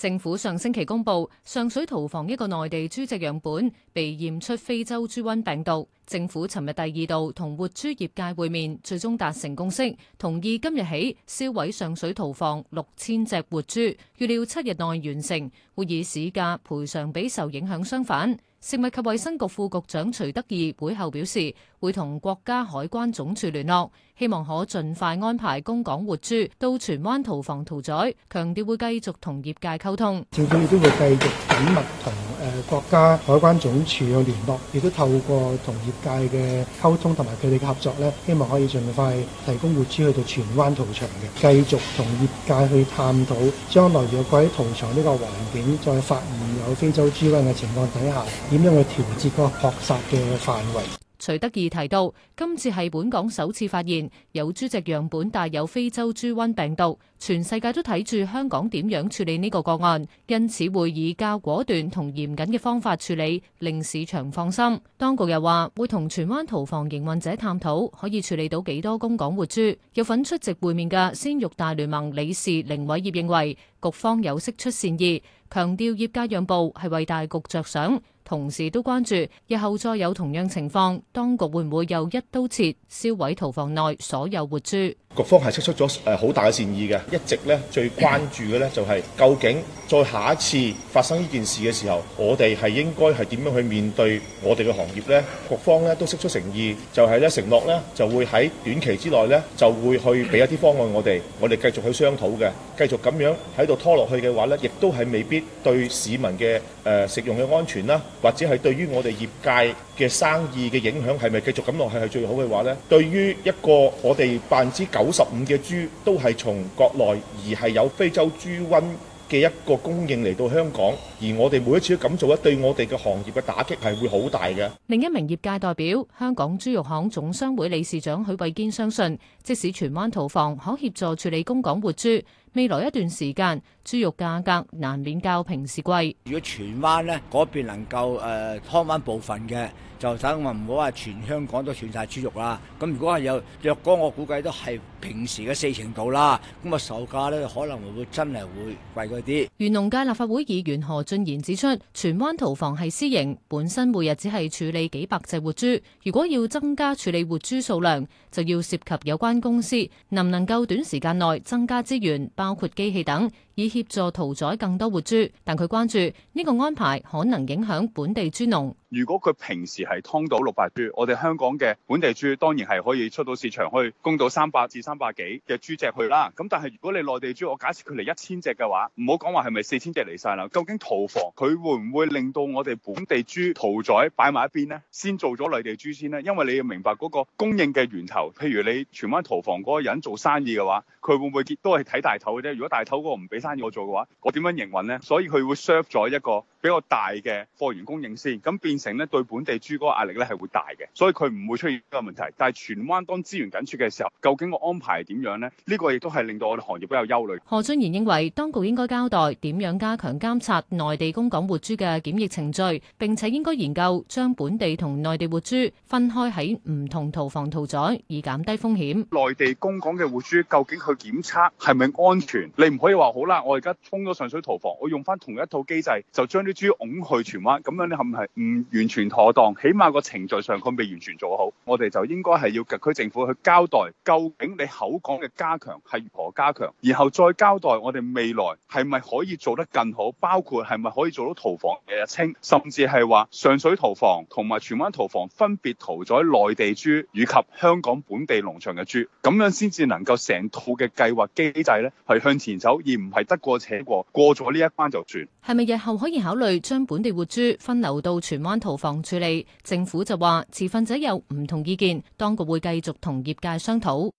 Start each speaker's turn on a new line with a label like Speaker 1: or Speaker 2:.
Speaker 1: 政府上星期公布，上水屠房一個內地豬隻樣本被驗出非洲豬瘟病毒。政府尋日第二度同活豬業界會面，最終達成共識，同意今日起銷毀上水屠房六千隻活豬，預料七日內完成。會以市價賠償比受影響相反。食物及衛生局副局長徐德義會後表示，會同國家海關總署聯絡，希望可盡快安排供港活豬到荃灣屠房屠宰，強調會繼續同業界溝通。
Speaker 2: 誒、呃、國家海關總署嘅聯絡，亦都透過同業界嘅溝通同埋佢哋嘅合作咧，希望可以儘快提供活豬去到荃灣屠場嘅，繼續同業界去探討將來如果喺屠場呢個環境再發現有非洲豬瘟嘅情況底下，點樣去調節個殼殺嘅範圍。
Speaker 1: 徐德義提到，今次係本港首次發現有豬隻樣本帶有非洲豬瘟病毒，全世界都睇住香港點樣處理呢個個案，因此會以較果斷同嚴謹嘅方法處理，令市場放心。當局又話會同荃灣屠房營運者探討，可以處理到幾多供港活豬。有份出席會面嘅鮮肉大聯盟理事凌偉業認為，局方有釋出善意，強調業界讓步係為大局着想。同時都關注日後再有同樣情況，當局會唔會又一刀切銷毀屠房內所有活豬？
Speaker 2: 局方係釋出咗誒好大嘅善意嘅，一直咧最關注嘅咧就係究竟再下一次發生呢件事嘅時候，我哋係應該係點樣去面對我哋嘅行業咧？局方咧都釋出誠意，就係咧承諾咧就會喺短期之內咧就會去俾一啲方案我哋，我哋繼續去商討嘅。繼續咁樣喺度拖落去嘅話咧，亦都係未必對市民嘅誒食用嘅安全啦，或者係對於我哋業界嘅生意嘅影響係咪繼續咁落去係最好嘅話咧？對於一個我哋百分之。九十五嘅豬都係從國內，而係有非洲豬瘟嘅一個供應嚟到香港，而我哋每一次都咁做咧，對我哋嘅行業嘅打擊係會好大嘅。
Speaker 1: 另一名業界代表，香港豬肉行總商會理事長許慧堅相信，即使荃灣屠房可協助處理供港活豬。未來一段時間，豬肉價格難免較平時貴。如果荃灣呢嗰邊能夠誒攤返部分嘅，就等我唔好話全香港都全晒豬肉啦。咁如果係有，若果我估計都係平時嘅四成度啦。咁啊售價呢，可能會真係會貴佢啲。漁農界立法會議員何俊賢指出，荃灣屠房係私營，本身每日只係處理幾百隻活豬。如果要增加處理活豬數量，就要涉及有關公司能唔能夠短時間內增加資源。包括機器等。 以協助屠宰更多活豬，但佢關注呢個安排可能影響本地豬農。
Speaker 3: 如果佢平時係劏到六百豬，我哋香港嘅本地豬當然係可以出到市場，去供到三百至三百幾嘅豬隻去啦。咁但係如果你內地豬，我假設佢嚟一千隻嘅話，唔好講話係咪四千隻嚟晒啦。究竟屠房佢會唔會令到我哋本地豬屠宰擺埋一邊呢？先做咗內地豬先咧？因為你要明白嗰個供應嘅源頭，譬如你荃灣屠房嗰個人做生意嘅話，佢會唔會都係睇大頭嘅啫？如果大頭嗰個唔俾我做嘅話，我點樣營運呢？所以佢會 serve 咗一個比較大嘅貨源供應先，咁變成咧對本地豬嗰個壓力咧係會大嘅，所以佢唔會出現呢個問題。但係荃灣當資源緊絀嘅時候，究竟個安排係點樣呢？呢個亦都係令到我哋行業比較憂慮。
Speaker 1: 何俊賢認為當局應該交代點樣加強監察內地供港活豬嘅檢疫程序，並且應該研究將本地同內地活豬分開喺唔同屠房屠宰，以減低風險。
Speaker 3: 內地供港嘅活豬究竟去檢測係咪安全？你唔可以話好嗱，我而家衝咗上水屠房，我用返同一套機制，就將啲豬拱去荃灣，咁樣你係唔係唔完全妥當？起碼個程序上佢未完全做好，我哋就應該係要特區政府去交代，究竟你口講嘅加強係如何加強，然後再交代我哋未來係咪可以做得更好，包括係咪可以做到屠房日清，甚至係話上水屠房同埋荃灣屠房分別屠宰內地豬以及香港本地農場嘅豬，咁樣先至能夠成套嘅計劃機制咧，係向前走而唔係，得過且過，過咗呢一關就算。
Speaker 1: 係咪日後可以考慮將本地活豬分流到荃灣屠房處理？政府就話，持份者有唔同意見，當局會繼續同業界商討。